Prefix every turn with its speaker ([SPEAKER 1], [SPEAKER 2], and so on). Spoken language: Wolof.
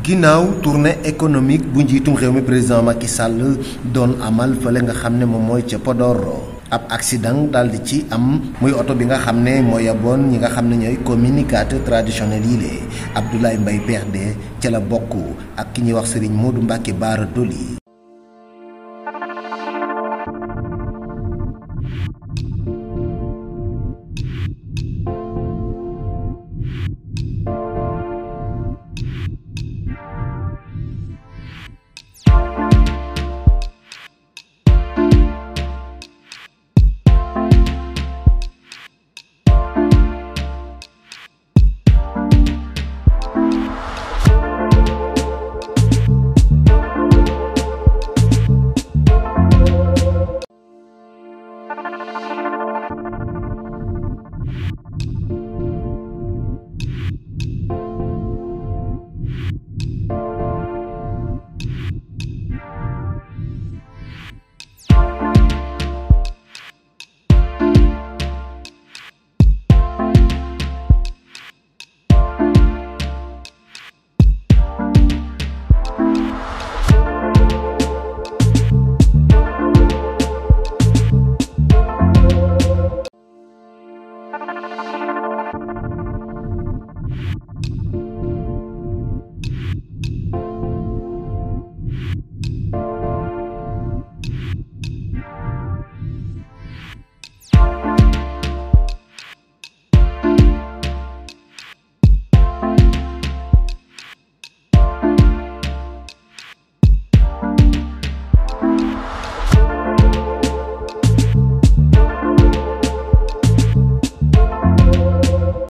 [SPEAKER 1] ginnaaw tournée économique bu njiitum réew mi président Macky Sall doon amal fële nga xam ne moom mooy ca Podor ab accident daal di ci am muy oto bi nga xam ne moo yaboon ñi nga xam ne ñooy communicateur traditionnel yi lee Abdoulaye beex perde ca la bokk ak ki ñuy wax Serigne Modou Mbacke Baara Doli